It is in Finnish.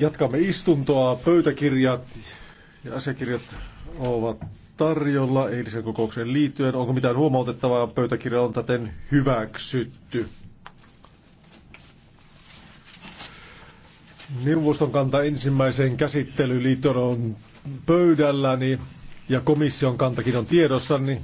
Jatkamme istuntoa. Pöytäkirjat ja asiakirjat ovat tarjolla eilisen kokoukseen liittyen. Onko mitään huomautettavaa? Pöytäkirja on täten hyväksytty. Neuvoston kanta ensimmäiseen käsittelyyn liittyen on pöydälläni ja komission kantakin on tiedossani.